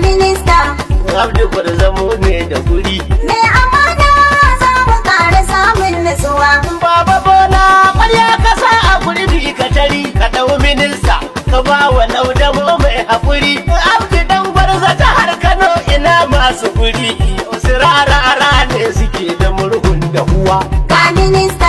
Minista. Abdu kwada zamo ne da guri. Me amana za mu ƙara samun nutsuwa. Baba bona ƙwarya ka sa a gurbi ka tari ka ɗau minista ka ba wa laudamo mai haƙuri. Abdu dan gwarza jihar Kano ina masu guri. Su ne suke da murhun da uwa. Ka minista.